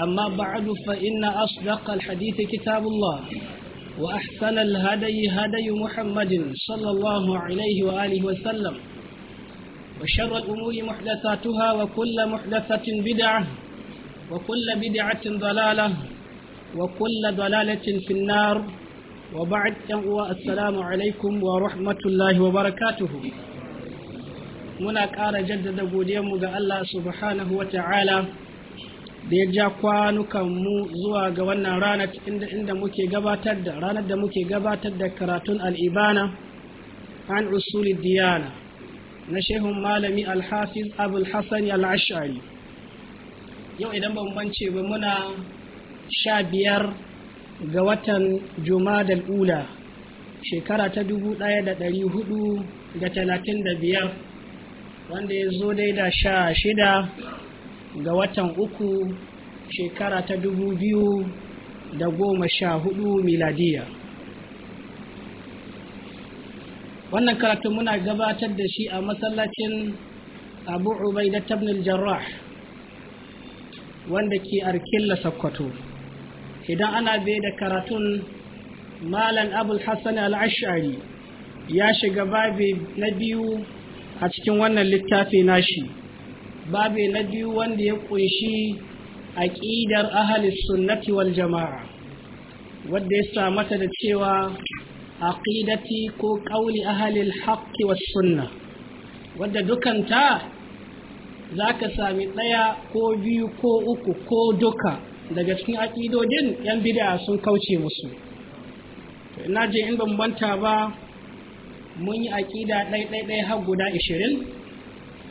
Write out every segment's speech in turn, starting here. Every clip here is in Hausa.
أما بعد فإن أصدق الحديث كتاب الله وأحسن الهدي هدي محمد صلى الله عليه وآله وسلم وشر الأمور محدثاتها وكل محدثة بدعة وكل بدعة ضلالة وكل ضلالة في النار وبعد السلام عليكم ورحمة الله وبركاته muna ƙara جدد godiyanmu الله سبحانه وتعالى da ya ja kwanukanmu zuwa ga wannan ranar inda, inda muke gabatar da ranar da muke gabatar da karatun al'ibana an usuli diyana na shehun malami alhafiz abul hassan al'ashari yau idan ban bance ba muna sha biyar ga watan da ula shekara ta dubu ɗaya da dari hudu da talatin da biyar wanda ya zo dai da sha shida ga watan uku shekara ta dubu biyu da goma sha hudu miladiya wannan karatu muna gabatar da shi a masallacin abu ubaida tabnil jarrah wanda ke arkilla sakkwato idan ana bai da karatun malam abul hassan al'ashari ya shiga babi na biyu a cikin wannan littafi nashi babi na biyu wanda ya kunshi aƙidar ahalis sunnati wal jama'a wadda ya samata da cewa aqidati ko ƙauli ahalil al sunna Wadda dukanta za ka sami ɗaya, ko biyu ko uku ko duka daga cikin aƙidodin, yan bid'a sun kauce musu ina je in bambanta ba mun yi aƙida ɗai har guda ashirin?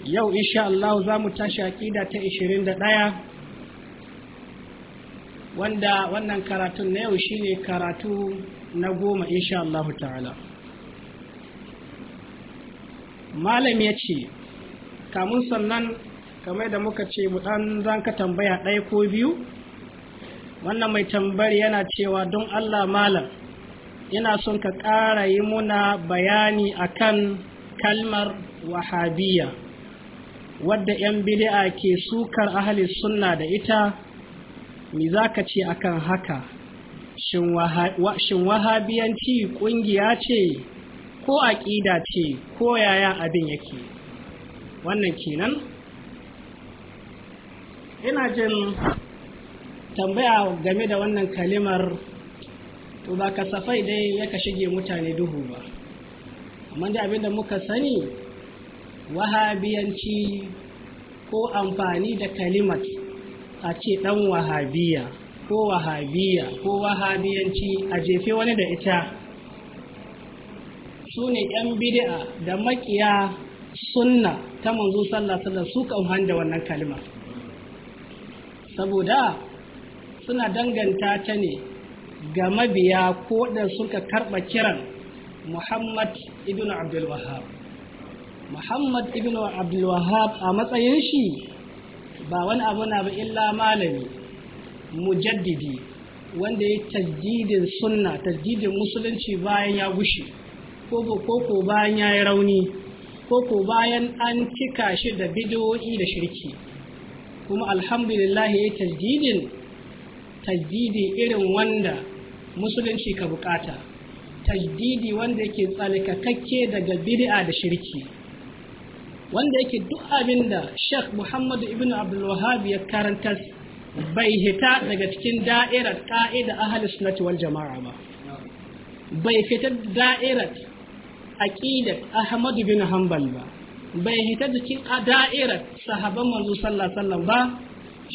yau insha Allah za mu tashi aƙida ta 21 wanda wannan karatun na yau shine karatu na goma insha Allah ta'ala malam ya ce kamun sannan kamar da muka ce mu ɗan zanka tambaya ɗaya ko biyu wannan mai tambayar yana cewa don Allah malam yana son ka ƙara yi muna bayani akan kalmar Wahabiyya. wadda 'yan bid'a ke sukar ahli sunna da ita mi za ka ce akan haka shin wahabiyanci ƙungiya ce ko aƙida ce ko yaya abin yake wannan kenan ina jin tambaya game da wannan kalimar to ba kasafai dai yaka shige mutane duhu ba amma da abinda muka sani wahabiyanci ko amfani da kalimat a ce ɗan wahabiya ko wahabiya ko wahabiyanci a jefe wani da ita su ne 'yan bid'a da makiya sunna ta manzo sallallahu su kan da wannan kalima saboda suna danganta ta ne ga mabiya ko da suka karɓa kiran muhammad ibn abdul wahab muhammad ibn abdulwahab a matsayin shi ba wani abu na ba illa malami mujaddidi wanda ya tajdidin sunna tajdidin musulunci bayan ya gushe ko bayan ya yi rauni ko bayan an cika shi da bidoyi da shirki kuma alhamdulillah ya tajdidin tajdidi irin wanda musulunci ka bukata tajdidi wanda yake tsalkakakke daga bid'a da shirki wanda yake duk abin da Sheikh Muhammad ibn Abdul Wahhab ya karanta bai hita daga cikin da'irar ka'ida ahli sunnati wal jama'a ba bai fita da'irar aqidat Ahmad ibn Hanbal ba bai hita cikin da'irar sahaban manzo sallallahu alaihi wasallam ba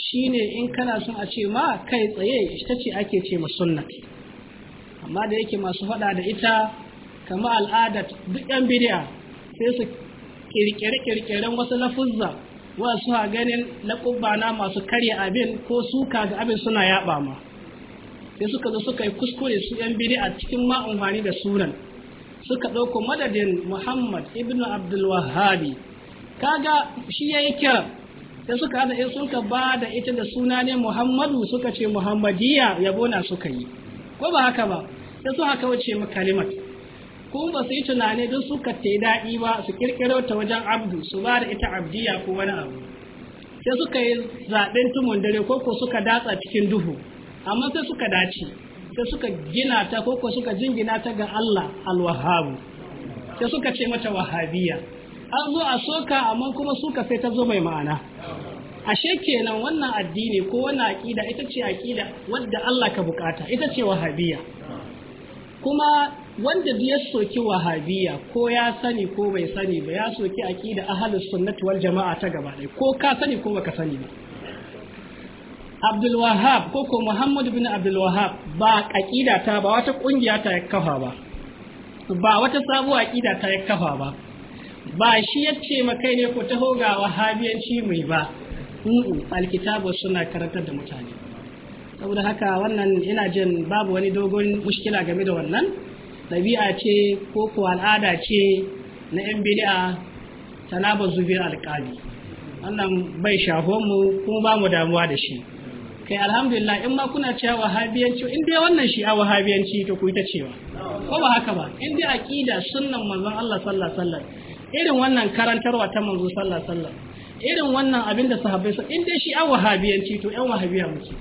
shine in kana son a ce ma kai tsaye ita ce ake ce ma sunnati amma da yake masu faɗa da ita kamar al'adat duk yan bidiya sai su kirkire-kirkiren wasu lafuzza wasu ha ganin na na masu karya abin ko suka ga abin suna yaɓa ma sai suka zo suka yi kuskure su yan biri a cikin ma da sunan suka ɗauko madadin muhammad ibn abdul wahabi kaga shi ya yi kira sai suka haɗa in suka ba da ita da suna ne muhammadu suka ce muhammadiya yabo na suka yi ko ba haka ba sai su haka wuce mu kalimat ko ba su yi tunani don suka ta daɗi ba su kirkiro ta wajen abdu su ba da ita abdiya ko wani abu sai suka yi zaɓen tumun dare ko ko suka datsa cikin duhu amma sai suka dace sai suka gina ta ko ko suka jingina ta ga Allah alwahabu sai suka ce mata wahabiya an zo a soka amma kuma suka sai ta zo mai ma'ana ashe kenan wannan addini ko wannan aƙida ita ce aƙida wadda Allah ka bukata ita ce wahabiya kuma wanda duk ya soki wahabiya ko ya sani ko bai sani ba ya soki aqida ahlus sunnati wal jama'a ta gaba dai ko ka sani ko baka sani ba Abdul Wahhab ko ko Muhammad bin Abdul Wahhab ba aqida ta ba wata kungiya ta ya kafa ba ba wata sabuwa aqida ta ya kafa ba ba shi yace makai ne ko taho ga wahabiyanci mai ba alkitabu suna karantar da mutane saboda haka wannan ina jin babu wani dogon mushkila game da wannan ɗabi'a ce ko kuwa al'ada ce na 'yan bid'a talaba zubin alƙali wannan bai mu kuma ba mu damuwa da shi kai alhamdulillah in ma kuna cewa wahabiyanci in dai wannan shi a wahabiyanci to ku ta cewa ko ba haka ba in dai aqida sunnan manzon Allah sallallahu alaihi wasallam irin wannan karantarwa ta manzo sallallahu alaihi wasallam irin wannan abin da sahabbai su in dai a wahabiyanci to ƴan wahabiya muke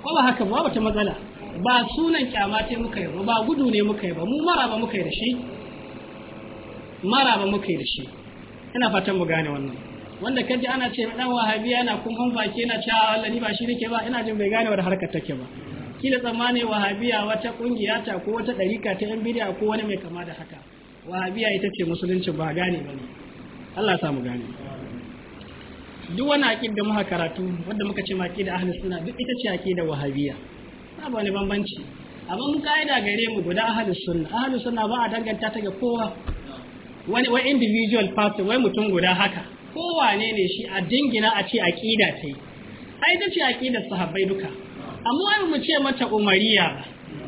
ko ba haka ba wata matsala ba sunan kyama ce muka yi ba gudu ne muka yi ba mu mara ba muka yi da shi mara ba muka yi da shi ina fatan mu gane wannan wanda kaji ana ce dan wahabi yana kun baki yana cewa ah, Allah ni ba shi nake ba ina jin bai gane wani harkar take ba kila tsammani wahabiya wata kungiya ta ko wata ɗarika ta yan bidiya ko wani mai kama da haka wahabiya ita ce musulunci ba gane ba ne Allah sa mu gane duk wani aƙid da muka karatu wanda muka ce maƙi da ahlus sunna duk ita ce aƙidar wahabiya abu wani bambanci amma mu ka'ida gare mu guda ahalus sunna ahalus sunna ba a danganta ta ga kowa wani wai individual person wai mutum guda haka kowa ne ne shi a dingina a ce aqida ta yi ai ta ce aqidar sahabbai duka amma wai mu ce mata umariya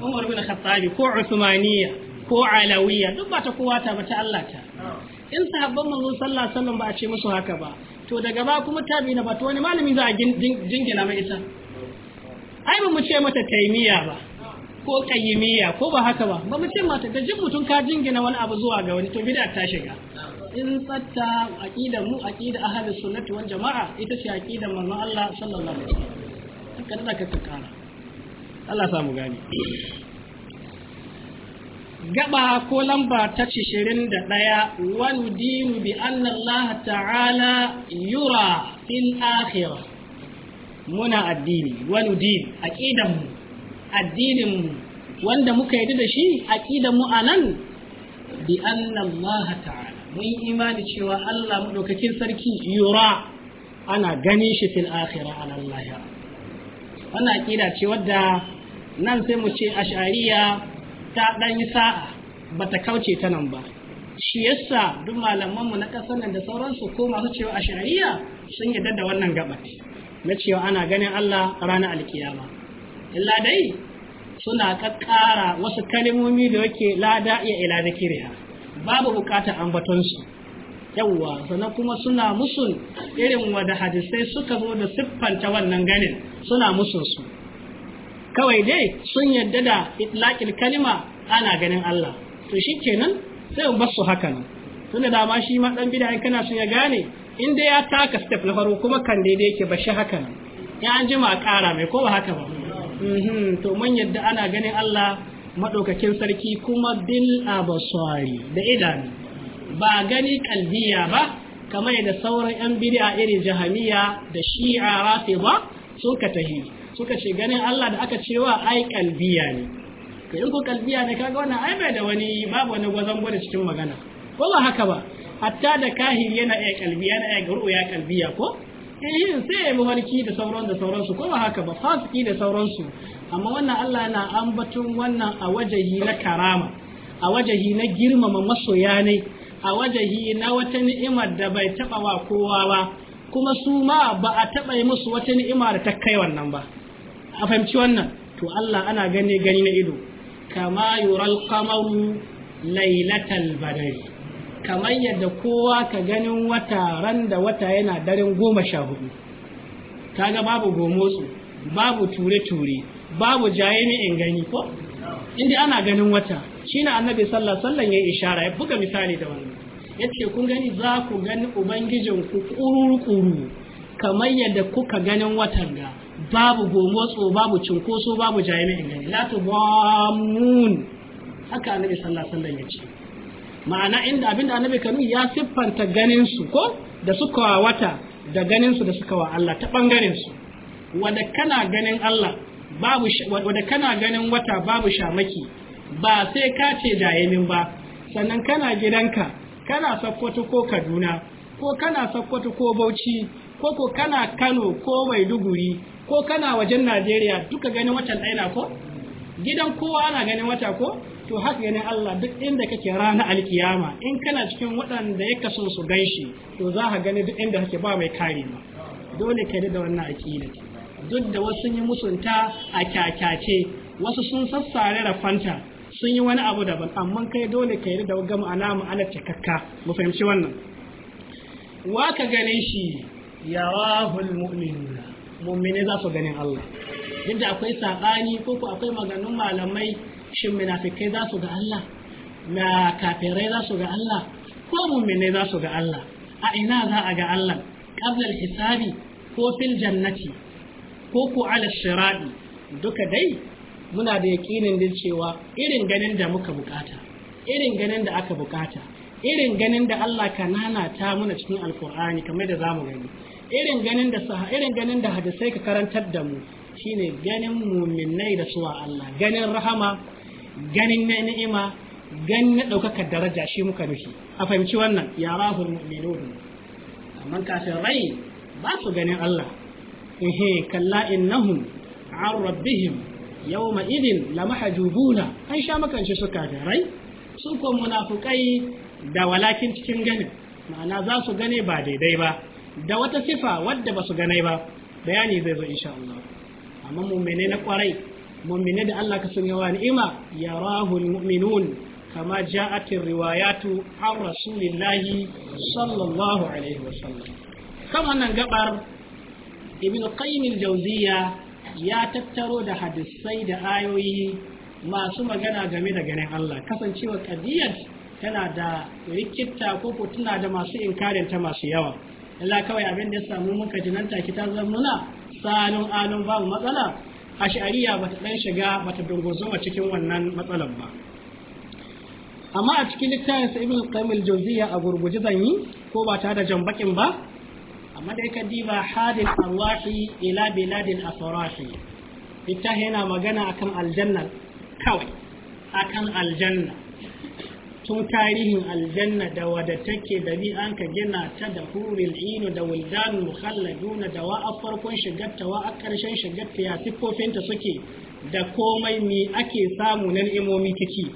umar bin khattabi ko usmaniya ko alawiya duk ba ta kowa ta ba Allah ta in sahabban manzo sallallahu alaihi wasallam ba a ce musu haka ba to daga ba kuma tabi na ba to wani malami za a jingina mai ita ai ba mu ce mata taimiya ba ko kayimiya ko ba haka ba ba mu ce mata da jin mutum ka jingina wani abu zuwa ga wani to bid'a ta shiga in tsatta aqida mu aqida ahli sunnati wal jamaa ita ce aqida manzon Allah sallallahu alaihi wasallam kada ka ka kara Allah samu gani gaba ko lamba ta 21 wal dinu bi anna Allah ta'ala yura fil akhirah muna addini wani din aqidan mu addinin mu wanda muka yi da shi aqidan mu anan bi anna Allah ta'ala mun imani cewa Allah madaukakin sarki yura ana gani shi fil akhirah ala Allah wannan aqida ce wadda nan sai mu ce ash'ariya ta dan yi sa'a bata kauce ta nan ba shi yasa duk malamanmu na ƙasar nan da sauransu ko masu cewa ash'ariya sun yarda da wannan gabat na cewa ana ganin Allah ranar alkiyama illa dai suna kakkara wasu kalimomi da yake lada iya ila kiriya. babu bukatar ambatonsu yawwa sannan kuma suna musun irin wada hadisai suka zo da siffanta wannan ganin suna musu su kawai dai sun yadda da itlaqil kalima ana ganin Allah to shi kenan sai in basu su haka nan tunda dama shi ma dan bid'a kana sun ya gane in dai ya taka step na farko kuma kan daidai yake shi haka ya an jima a kara mai ko ba haka ba mhm, to man yadda ana ganin Allah maɗaukakin sarki kuma bil abasari da idan ba gani kalbiya ba kamar da sauran yan bid'a irin jahamiya da shi'a rafida suka tahi suka ce ganin Allah da aka cewa ai kalbiya ne to in ko kalbiya ne kaga wannan ai bai da wani babu wani gwazon gwada cikin magana ko ba haka ba hatta da kahiri yana iya kalbi yana iya garu ya ya ko eh sai ya mawarki da sauran da sauransu ko ba haka ba fasiki da sauransu amma wannan Allah yana ambaton wannan a wajahi na karama a wajahi na girmama masoya ne a wajahi na wata ni'imar da bai taba wa kowa ba kuma su ma ba a taba yi musu wata ni'ima da ta kai wannan ba a fahimci wannan to Allah ana gani gani na ido kama yural qamaru lailatal badri kamar yadda kowa ka ganin wata ran da wata yana darin goma sha hudu kaga babu gomotsu babu ture-ture babu jaye in gani ko inda ana ganin wata shine annabi sallallahu sallan ya ishara ya buga misali da wannan ce kun gani za ku gani ubangijin ku kururu kururu kamar yadda kuka ganin watan ga babu gomotso babu cinkoso babu jaye in gani la tubamun haka annabi sallallahu sallan ya ce. ma'ana inda abin abinda annabi kanu ya siffanta ganin su ko da suka wa wata da ganin su da suka wa Allah ta bangaren wanda kana ganin Allah babu wanda kana ganin wata babu shamaki ba sai ka ce jayemin ba sannan kana gidanka kana Sakkwato ko Kaduna ko kana Sakkwato ko Bauchi ko ko kana Kano ko Maiduguri ko kana wajen Najeriya duka ganin watan ɗaya ko gidan kowa ana ganin wata ko to haka ne Allah duk inda kake rana alkiyama in kana cikin waɗanda ya kaso su gan shi to za ka gani duk inda kake ba mai kare ma dole ka da wannan aqida duk da wasu yi musunta a kyakyace wasu sun sassare rafanta sun yi wani abu daban amma kai dole ka yi da gama ma'ana ma'anar cikakka mu fahimci wannan wa ka gani shi rahul mu'minuna mu'mini za su ganin Allah duk da akwai saɓani ko ko akwai maganganun malamai shin munafikai za su ga Allah na kafirai za su ga Allah ko mu'minai za su ga Allah a ina za a ga Allah qabla hisabi ko fil jannati ko ku ala shiradi duka dai muna da yakinin din cewa irin ganin da muka bukata irin ganin da aka bukata irin ganin da Allah ka ta muna cikin alkur'ani kamar da zamu gani irin ganin da sa irin ganin da hadisai ka karantar da mu shine ganin mu'minnai da suwa Allah ganin rahama ganin na ni'ima ganin na ɗaukakar daraja shi muka nufi a fahimci wannan ya rahul mu'minun amma kafin rai ba su ganin Allah ehe kalla innahum an rabbihim yawma idin lamahjubuna an sha makance su kafin rai su ko munafukai da walakin cikin ganin ma'ana za su gane ba daidai ba da wata sifa wadda ba su gane ba bayani zai zo insha Allah amma mu'mine na kwarai Mummine da Allah ka sanya wa ni'ima yarahu almu'minun kama ja'atin riwayatu an rasulillahi sallallahu alaihi sallam. kan wannan gabar ibnu qayyim al ya tattaro da hadisai da ayoyi masu magana game da ganin Allah kasancewa qadiyat tana da rikita ko ko tana da masu inkarin ta masu yawa Allah kawai abin da ya samu muka jinanta ki ta zama nuna salon alon babu matsala ashariya ba ta ɗan shiga ba ta wa cikin wannan matsalar ba amma a cikin littafin sa ibn qayyim al a gurguje zan yi ko ba ta da jambakin ba amma dai ka diba hadin allahi ila biladil asrahi littafin yana magana akan aljanna kawai akan aljanna tun tarihin aljanna da wadda take da bi an ka gina ta da huril inu da wuldanu mukhalladuna da wa a farkon shigarta wa a shigarta ya siffofinta suke da komai me ake samu na ni'imomi ciki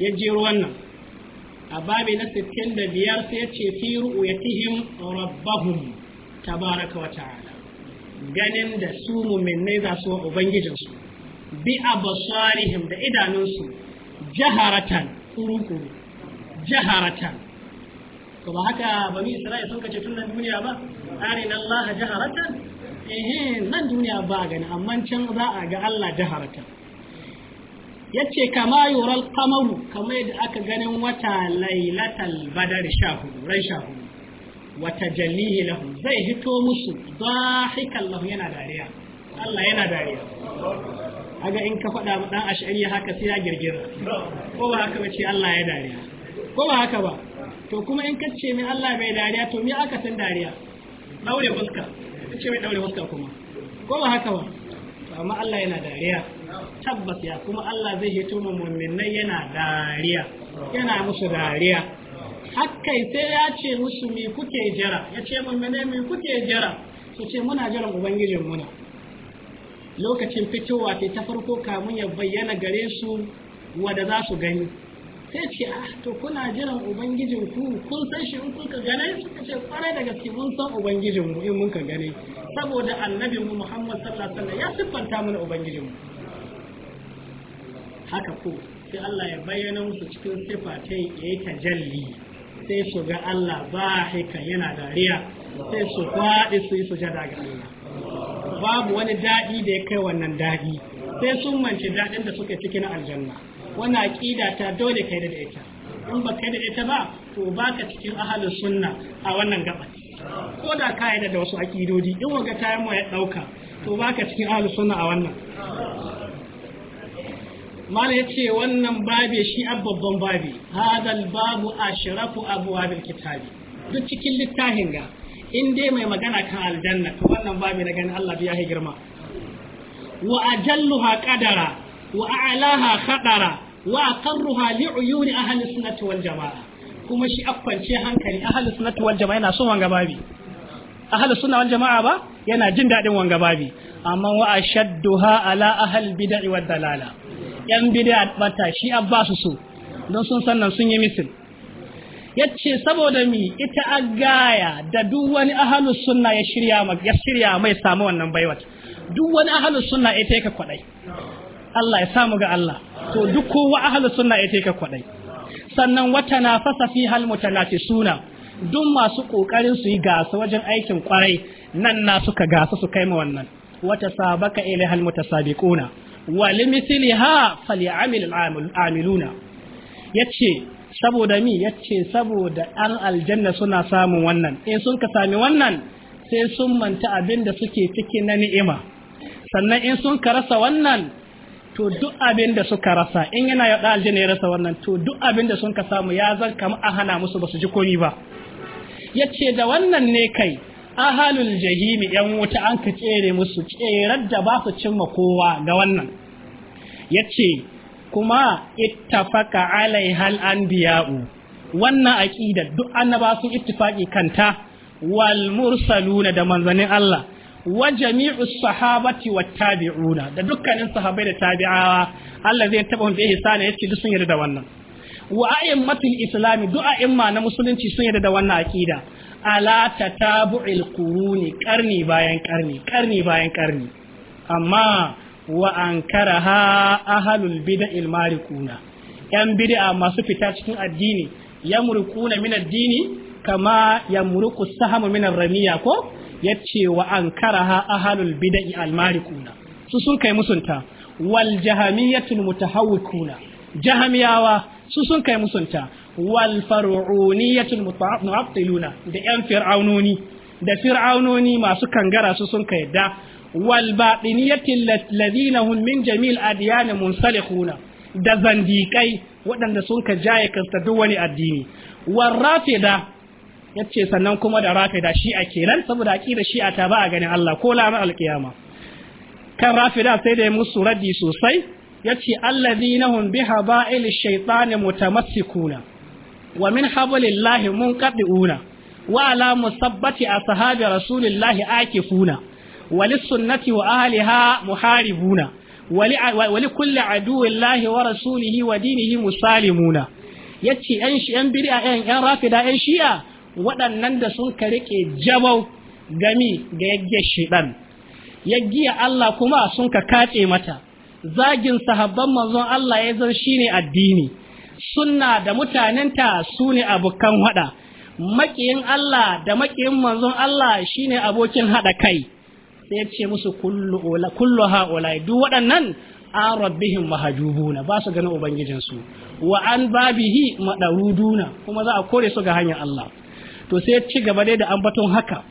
ya jero wannan a babi na 65 sai ya ce fi ru'yatihim rabbahum tabaraka wa ta'ala ganin da su muminnai za su wa ubangijinsu bi abasarihim da idanunsu jaharatan kuru-kuru jaharatan to ba haka bani isra'ila sun kace tun nan duniya ba arin Allah jaharatan eh nan duniya ba gani amma can za a ga Allah jaharatan yace kama yural qamaru kama yadda aka ganin wata lailatal badar shahu ran shahu wata jallihi lahu zai hito musu dhahikan lahu yana dariya Allah yana dariya Aga in ka faɗa dan ash'ari haka sai ya girgira ko ba haka ba ce Allah ya dariya ko ba haka ba to kuma in ka ce min Allah bai dariya to me aka san dariya daure fuska ce mai daure fuska kuma ko ba haka ba amma Allah yana dariya tabbas ya kuma Allah zai hito mu mu'minai yana dariya yana musu dariya hakkai sai ya ce musu me kuke jira ya ce mu'minai me kuke jira su ce muna jiran ubangijin muna lokacin fitowa ta ta farko kamun ya bayyana gare su wada za su gani sai ce ah to kuna jiran ubangijin ku kun san shi in kun gane suka ce kwarai da gaske mun san ubangijin mu in mun ka gane saboda annabi mu Muhammad sallallahu ya siffanta mana ubangijin haka ko sai Allah ya bayyana musu cikin sifa ta jalli tajalli sai su ga Allah ba yana dariya sai su faɗi su yi sujada ga Allah babu wani daɗi da ya kai wannan daɗi sai sun mance daɗin da suka cikin aljanna wannan aƙida ta dole kai da ita in ba kai da ita ba to baka cikin ahalin sunna a wannan gabas ko da ka yi da wasu aƙidodi in waga ta yi ya ɗauka to baka cikin ahalin sunna a wannan mala ya ce wannan babe shi a babban babe hadal babu ashrafu abwabil kitabi duk cikin littafin ga in dai mai magana kan aljanna to wannan babu na ganin Allah ya yi girma wa ajalluha qadara wa a'laha khadara wa aqarruha li'uyuni ahli sunnati wal jamaa kuma shi afkance hankali ahli sunnati wal jamaa yana son wanga babi ahli sunna wal jamaa ba yana jin dadin wanga babi amma wa ashadduha ala ahli bid'i wad dalala yan bid'a bata shi abbasu so don sun sannan sun yi misil yace saboda mi ita agaya da duk wani ahlus sunna ya shirya ya shirya mai samu wannan baiwa duk wani ahlus sunna ita ka kwadai Allah ya samu ga Allah to duk kowa ahlus sunna ita ka kwadai sannan wata nafasa fi hal mutanatisuna duk masu kokarin su yi gasa wajen aikin kwarai nan na suka gasa su kai ma wannan wata sabaka ila hal mutasabiquna wa limithliha falyamil al amiluna yace saboda mi yace saboda an aljanna suna samun wannan in sun ka sami wannan sai sun manta abin da suke ciki na ni'ima sannan in sun ka rasa wannan to duk abin da suka rasa in yana ya da aljanna ya rasa wannan to duk abin da sun ka samu ya zan kama a hana musu ba su ji komi ba yace da wannan ne kai ahalul jahimi yan wuta an ka tsere musu tserar da ba su cimma kowa ga wannan yace kuma ittafaka alaihal anbiya'u wannan aƙida duk annaba sun ittifaki kanta wal mursaluna da manzanin Allah wa jami'u sahabati wat tabi'una da dukkanin sahabbai da tabi'awa Allah zai taba hunde ihsana yace duk sun yarda da wannan wa a'immatul islami duk a'imma na musulunci sun yarda da wannan aƙida ala tatabu'il quruni karni bayan karni karni bayan karni amma wa an karaha ahalul bid'il marikuna yan bid'a masu fita cikin addini yamrukuna min addini kama yamruqu sahamu min ramiya ko yace wa an karaha ahalul bid'i al marikuna su sun kai musunta wal jahamiyatul mutahawwikuna jahamiyawa su sun kai musunta wal faruuniyatul mu'attiluna da yan fir'aunoni da fir'aunoni masu kangara su sun kai da wal batiniyati alladhina hum min jami'il adyan da zandikai waɗanda sun ka jaye kasta duk wani addini war ya yace sannan kuma da rafida shi'a kenan saboda aqida shi a ba a ganin Allah ko la ran alkiyama kan rafida sai da ya musu raddi sosai yace alladhina hum bi haba'il shaytan mutamassikuna wa min hablillahi munqati'una wa ala musabbati sahabi rasulillahi akifuna وللسنة وأهلها محاربون ولكل عدو الله ورسوله ودينه مسالمون yace yan shi yan bid'a yan yan rafida yan shi'a waɗannan da sun ka rike jabau gami ga yagge ɗan. yaggiya Allah kuma sun ka kace mata zagin sahabban manzon Allah ya zan shine addini sunna da mutanenta su ne abokan hada makiyin Allah da maƙiyin manzon Allah shine abokin hada kai sai ce musu kullu ha'ula duk waɗannan a rabbihim mahajubuna ba su ganin ubangijinsu wa an babihi madaruduna kuma za a kore su ga hanyar Allah to sai ya ci gaba dai da an ambaton haka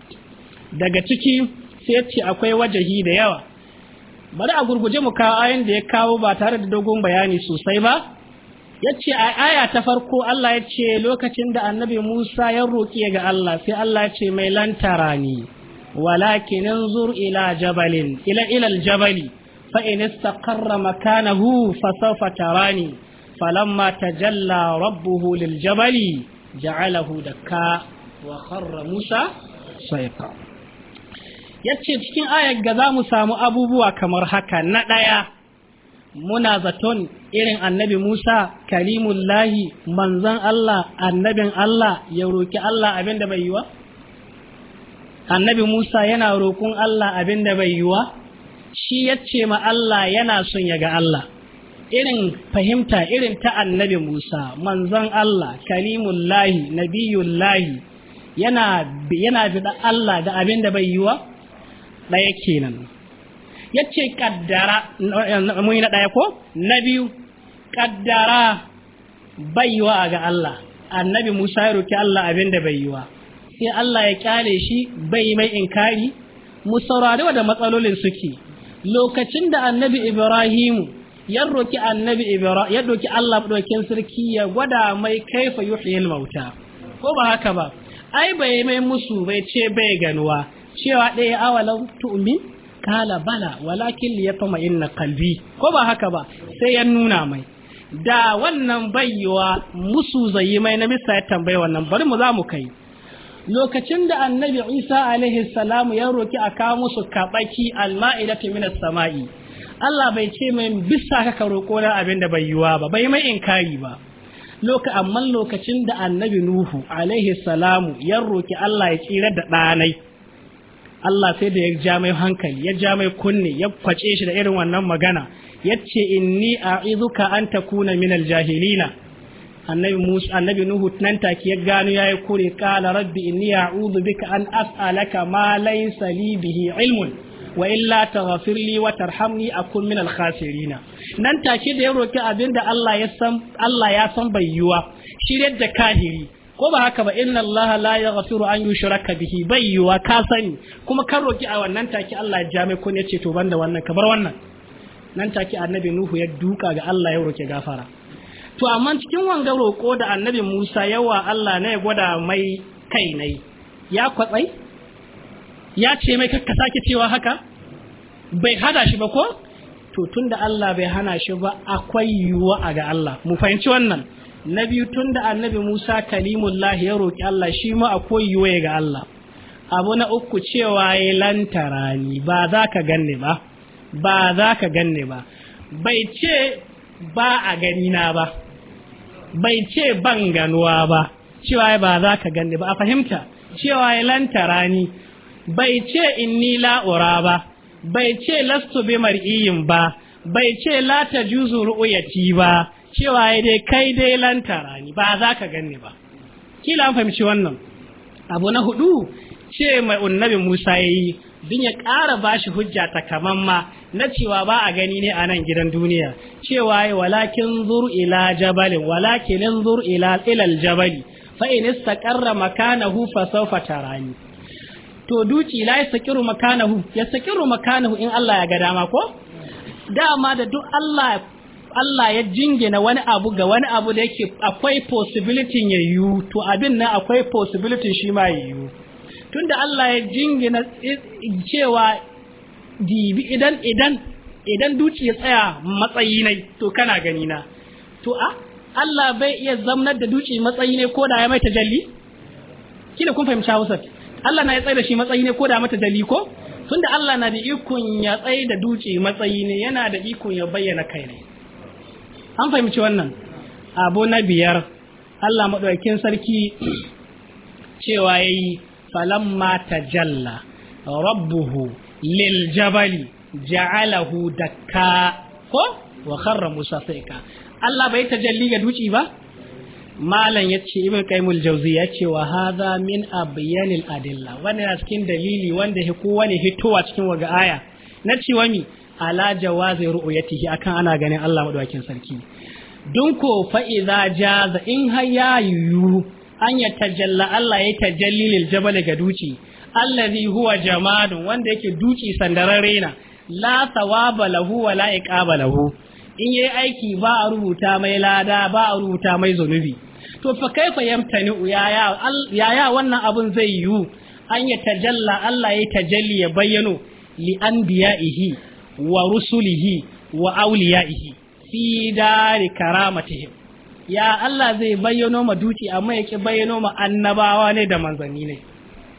daga ciki sai ya ce akwai wajahi da yawa bari a gurguje mu kawo ayin da ya kawo ba tare da dogon bayani sosai ba ya ce a aya ta farko Allah ya ce lokacin da annabi Musa ya roƙi ga Allah sai Allah ya ce mai lantara lantarani walakin zur ila jabalin ila ila aljabali fa in istaqarra makanahu fa sawfa tarani falamma tajalla rabbuhu liljabali ja'alahu dakka wa kharra musa sayqa yace cikin ayar ga mu samu abubuwa kamar haka na ɗaya. muna zaton irin annabi Musa kalimullahi Manzon Allah annabin Allah ya roki Allah abinda bai yi wa annabi Musa yana roƙon Allah abin da bai yiwa shi ya ce ma Allah yana son ya ga Allah irin fahimta irin ta annabi Musa manzon Allah Kalimun Lahi, Nabiyun yana yana fiɗa Allah da abin da bai yiwa ɗaya kenan Ya ce kaddara mun na ɗaya ko na biyu kaddara baiwa ga Allah annabi Musa ya roƙi Allah abin da yiwa. sai Allah ya kyale shi bai mai inkari mu saurari wa da matsalolin suke lokacin da annabi Ibrahimu ya roki annabi Ibrahim ya doki Allah dokin sarki ya gwada mai kaifa yuhyil mauta ko ba haka ba ai bai mai musu bai ce bai ganuwa cewa ɗaya awalan tu'min kala bala walakin li yatma inna qalbi ko ba haka ba sai ya nuna mai da wannan bayyawa musu zai mai na misa ya tambaye wannan bari mu za mu kai lokacin da annabi isa alaihi salamu ya roki a kawo musu kabaki alma'idatu minas sama'i Allah bai ce mai bisa ka roko na abin da bai yiwa ba bai mai inkari ba loka amma lokacin da annabi nuhu alaihi salamu ya roki Allah ya tsira da ɗanai Allah sai da ya ja mai hankali ya ja mai kunne ya kwace shi da irin wannan magana yace inni a'izuka an takuna minal jahilina annabi Musa annabi Nuhu nan take ya gano yayi kure qala rabbi inni a'udhu bika an as'alaka ma laysa li bihi ilmun wa illa taghfir li wa tarhamni akun min al khasirin nan take da ya roki abinda Allah ya san Allah ya san bai yiwa shiryar da kahiri ko ba haka ba inna Allah la yaghfiru an yushraka bihi bai yiwa ka sani kuma kan roki a wannan take Allah ya ku ne ce to banda wannan ka bar wannan nan take annabi Nuhu ya duka ga Allah ya roki gafara to amma cikin wanga roƙo da annabi Musa yawa Allah na ya gwada mai kai nai ya kwatsai ya ce mai kakka sake cewa haka bai hada shi ba ko to tunda Allah bai hana shi ba akwai yiwuwa a ga Allah mu fahimci wannan na biyu tunda annabi Musa kalimullahi ya roƙi Allah shi ma akwai yiwuwa ga Allah abu na uku cewa ya lantara ni ba za ka ganne ba ba za ka ganne ba bai ce ba a gani na ba bai ce ban ganuwa ba cewa ba za ka gani ba a fahimta cewa ya lantara ni bai ce inni la'ura ba bai ce lastu bi mar'iyin ba bai ce lata ta juzu ci ba cewa ya dai kai dai lantara ni ba za ka gani ba kila an fahimci wannan abu na hudu ce mai unnabi Musa ya yi. din ya ƙara bashi hujja ta kaman ma na cewa ba a gani ne a nan gidan duniya cewa ya walakin zur ila jabalin walakin zur ila ilal jabali fa in istaqarra makanahu fa sawfa tarani to duci la yastaqiru makanahu yastaqiru makanahu in Allah ya ga dama ko dama da duk Allah Allah ya jingina wani abu ga wani abu da yake akwai possibility ya yiwu to abin nan akwai possibility shi ma ya yiwu tunda Allah ya jingina cewa dibi idan idan idan duci ya tsaya matsayi ne to kana gani na to a Allah bai iya zamnar da duci matsayi ne ko da ya mai tajalli kina kun fahimci Hausa Allah na ya tsaya da shi matsayi ne ko da mata tajalli ko tunda Allah na da ikon ya tsaya da duci matsayi ne yana da ikon ya bayyana kai ne an fahimci wannan abu na biyar Allah maɗaukin sarki cewa yayi falamma tajalla rabbuhu lil jabali ja'alahu dakka ko wa kharra musa Allah bai tajalli ga duci ba malam yace ibn qaymul jawzi yace wa hadha min abyanil adilla wannan cikin dalili wanda kowane ko wani hitowa cikin waga aya na cewa zai ala jawazi ru'yatihi akan ana ganin Allah madawakin sarki dun ko fa idza jaza in hayya yuyu an ya tajalla Allah ya tajalli lil jabal ga duci allazi huwa jamadun wanda yake duci sandararre na la thawaba lahu wa la iqaba lahu in yayi aiki ba a rubuta mai lada ba a rubuta mai zunubi to fa kaifa yamtani yaya yaya wannan abun zai yi an ya tajalla Allah ya tajalli ya bayyano li anbiya'ihi wa rusulihi wa awliya'ihi fi dari karamatihim ya Allah zai bayyano ma duci amma yake bayyano ma annabawa ne da manzanni ne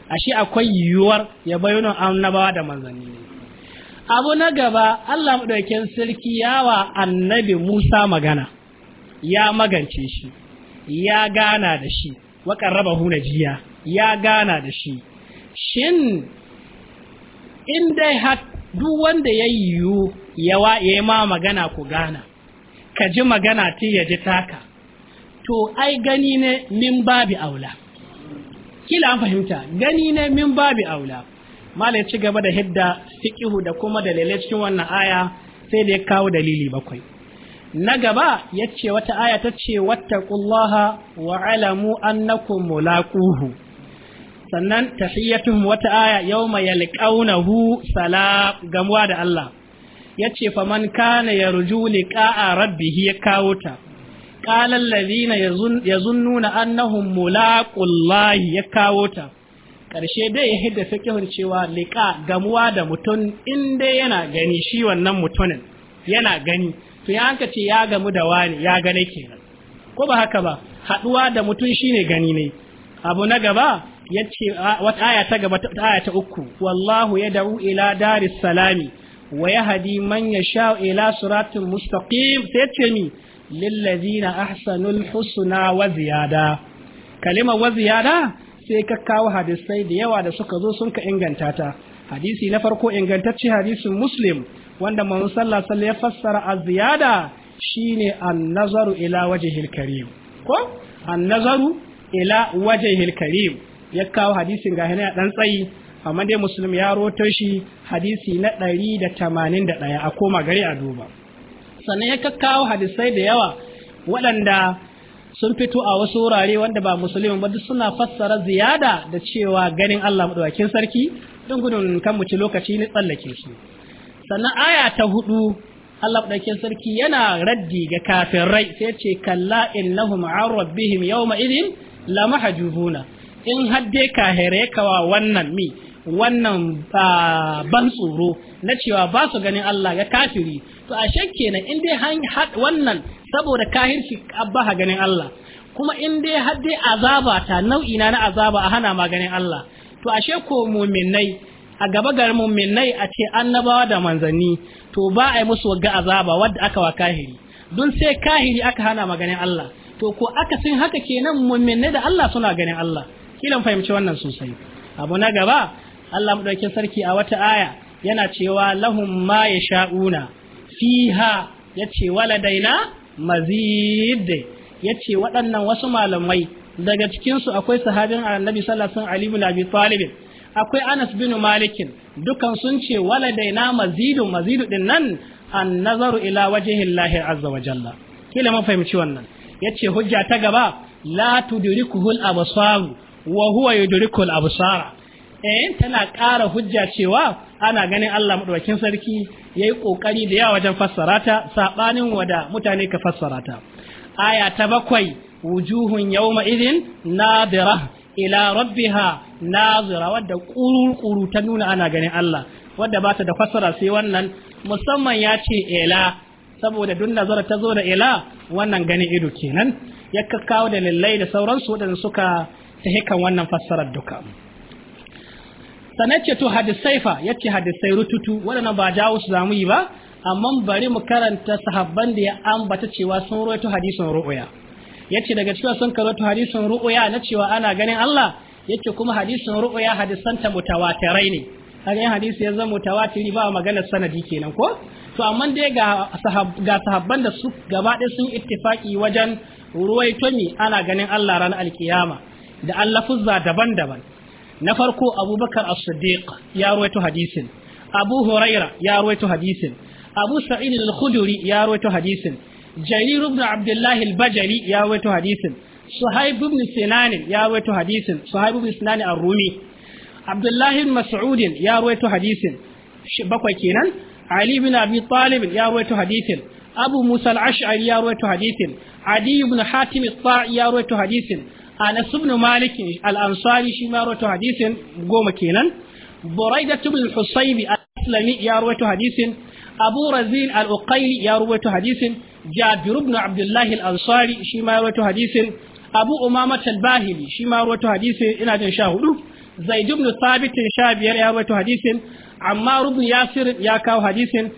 ashe akwai yiwuwar ya bayyano annabawa da manzanni ne abu na gaba Allah madaukakin sarki yawa annabi Musa magana ya magance shi ya gana da shi wa qarrabahu jiya, ya gana da shi shin in dai har duk wanda ya yiwu yawa ya ma magana ku gana ka ji magana ti yaji taka to ai gani ne min babi aula kila an fahimta gani ne min babi aula malai ci gaba da hidda fiqihu da kuma dalilai cikin wannan aya sai da ya kawo dalili bakwai na gaba ya ce wata aya ta ce wattaqullaha wa alamu annakum mulaquhu sannan tahiyyatuhum wata aya yawma yalqawnahu salam gamuwa da Allah yace faman kana yarju liqa'a rabbihi ya kawo ta قال الذين يظنون أنهم ملاق الله يكاوتا karshe dai ya hidda fikihun cewa liƙa gamuwa da mutum in dai yana gani shi wannan mutumin yana gani to ya hanka ce ya gamu da wani ya gane kenan ko ba haka ba haɗuwa da mutum shine gani ne abu na gaba ya ce wata aya ta gaba ta aya ta uku wallahu ya da'u ila daris salami wa yahdi man yasha ila siratin mustaqim sai ce mi lillazina ahsanul husna wa ziyada kalimar wa ziyada sai ka kawo hadisai da yawa da suka zo sun ka inganta ta hadisi na farko ingantacce hadisin muslim wanda manzo sallallahu ya fassara a ziyada shine an-nazaru ila wajhil karim ko an-nazaru ila wajhil karim ya kawo hadisin ga a dan tsayi amma dai muslim ya roto shi hadisi na 181 a koma gari a duba sannan ya kakkawo hadisai da yawa waɗanda sun fito a wasu wurare wanda ba musulmi ba duk suna fassara ziyada da cewa ganin Allah madawakin sarki don gudun kan mu ci lokaci ne tsallake su sannan aya ta hudu Allah madawakin sarki yana raddi ga kafirai sai ce kalla innahum an rabbihim yawma idhin la mahjubuna in hadde ka kawa wannan mi wannan ah, ban tsoro na cewa ba su ganin Allah ga kafiri to ashe kenan in dai wannan saboda kahirci abba ganin Allah kuma in dai har dai azaba ta nau'i na azaba a hana maganin Allah to ashe ko muminai a gaba ga muminai a ce annabawa da manzanni to ba a yi musu wagga azaba wadda aka wa kahiri don sai kahiri aka hana maganin Allah to ko aka sun haka kenan muminai da Allah suna ganin Allah kilan fahimci wannan sosai abu na gaba Allah mu madaukakin sarki a wata aya yana cewa lahum ma yasha'una fiha yace waladaina ya ce waɗannan wasu malamai daga cikinsu akwai sahabin annabi sallallahu alaihi wasallam Abi akwai Anas bin Malik dukan sun ce waladaina mazidu mazidu din nan an nazaru ila wajen Allah azza wa jalla kila mun fahimci wannan yace hujja ta gaba la tudrikuhul absar wa huwa yudrikul eh tana ƙara hujja cewa ana ganin Allah madaukakin sarki ya yi ƙoƙari da yawa wajen fassara ta sabanin wada mutane ka fassara ta aya ta bakwai wujuhun yawma idhin nadira ila rabbiha nazira wadda ƙuru-ƙuru ta nuna ana ganin Allah wadda bata da fassara sai wannan musamman ya ce ila saboda duk nazara ta zo da ila wannan ganin ido kenan ya kawo da lallai da sauransu waɗanda suka ta hikan wannan fassarar duka sanace ce hadisai hadisaifa ya ce hadisai rututu waɗannan ba jawo su zamu yi ba amma bari mu karanta sahabban da ya ambata cewa sun rawaito hadisin ru'uya ya ce daga cewa sun karoto hadisin ru'uya na cewa ana ganin Allah ya ce kuma hadisin ru'uya hadisanta mutawatirai ne kaga yin hadisi ya zama mutawatiri ba maganar sanadi kenan ko to amma dai ga sahabban da su gaba ɗaya sun ittifaki wajen ruwaito ne ana ganin Allah ranar alkiyama da Allah fuzza daban-daban na farko abubakar as-siddiq ya ruwaito hadisin abu huraira ya ruwaito hadisin abu sa'id al-khudri ya ruwaito hadisin jarir ibn abdullah al-bajali ya ruwaito hadisin suhaib ibn sinan ya ruwaito hadisin suhaib ibn sinan ar-rumi abdullah ibn mas'ud ya ruwaito hadisin bakwai kenan ali ibn abi talib ya ruwaito hadisin abu musa al-ash'ari ya ruwaito hadisin adi ibn hatim at-ta'i ya ruwaito hadisin Anas ibn Malik al-Ansari shi ma rawaito hadisin goma kenan Buraida ibn Husaybi al-Islami ya rawaito hadisin Abu Razil al-Uqayli ya rawaito hadisin Jabir ibn Abdullah al-Ansari shi ma rawaito hadisin Abu Umama al-Bahili shi ma rawaito hadisin ina jin sha hudu Zaid ibn sha biyar ya rawaito hadisin Yasir ya kawo hadisin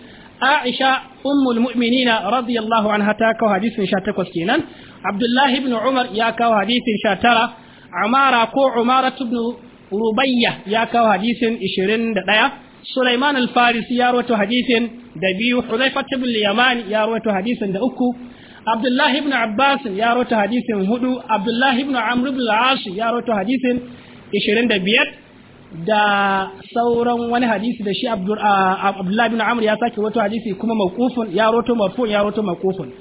aisha ummul mu'minina radiyallahu anha ta kawo hadisin 18 kenan abdullahi ibn umar ya kawo hadisin tara amara ko umara ibn rubayya ya kawo hadisin 21 sulaiman al-farisi ya rawaito hadisin da biyu hudhaifa ibn ya rawaito hadisin da uku abdullahi ibn abbas ya rawaito hadisin hudu abdullahi ibn amr ibn al-as ya rawaito hadisin 25 da sauran wani hadisi da shi Abdullahi bin Amr ya sake wato hadisi kuma mawqufun ya roto marfu ya roto mawqufun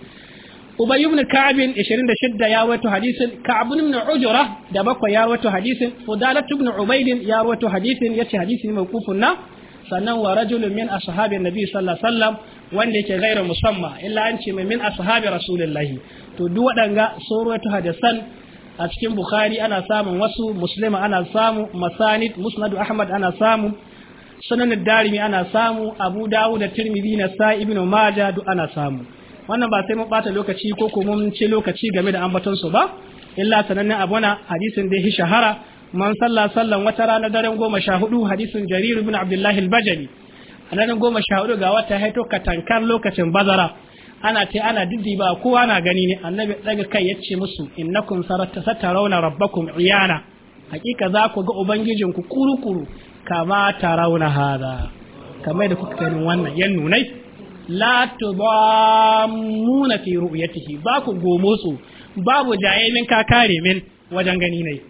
Ubay ibn Ka'ab 26 ya wato hadisin Ka'ab ibn Ujra da bakwai ya wato hadisin Fudalat ibn Ubayd ya wato hadisin yace hadisi ne mawqufun na sannan wa rajulun min ashabi nabi sallallahu alaihi wasallam wanda yake gairu musamma illa an ce mai min ashabi rasulullahi to duk waɗanga sun rawaito hadisan a cikin bukhari ana samun wasu muslima ana samu masanid musnadu ahmad ana samu sunan darimi ana samu abu dawud da tirmidhi na sa Ibn majah duk ana samu wannan ba sai mun bata lokaci ko ko mun ce lokaci game da ambaton su ba illa sanannen abuna hadisin da ya shahara man sallah sallan wata rana daren goma sha hudu hadisin jarir ibn abdullahi al-bajali a daren goma sha hudu ga wata haito katankar lokacin bazara ana ce ana diddiba kowa na gani ne annabi daga kai ya ce musu innakum satarawna rabbakum iyana hakika za ku ga ubangijin ku kurukuru kama tarawna hada kamar da kuka ganin wannan yan nunai la tudammuna fi ru'yatihi ba ku su, babu jayemin ka kare min wajen gani ne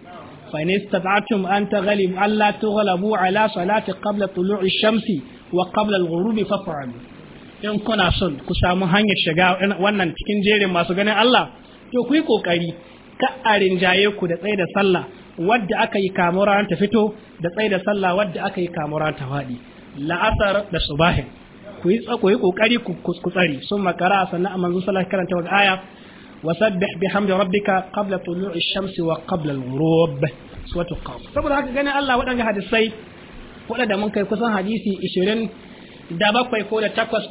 fa in istata'tum an taghlibu alla tughlabu ala salati qabla tulu'i shamsi wa qabla al-ghurubi faf'alu in kuna son ku samu hanyar shiga wannan cikin jerin masu ganin Allah to ku yi kokari ka a rinjaye ku da tsaye da sallah wadda aka yi kamura ta fito da tsaye da sallah wadda aka yi kamura ta faɗi la'asar da subahin ku yi kokari ku tsari sun makara sannan manzo sallallahu karanta wa aya wasabbih bihamdi rabbika qabla tulu'i shamsi wa qabla al-ghurub qaf saboda haka ganin Allah waɗannan hadisai waɗanda mun kai kusan hadisi 20 da bakwai ko da takwas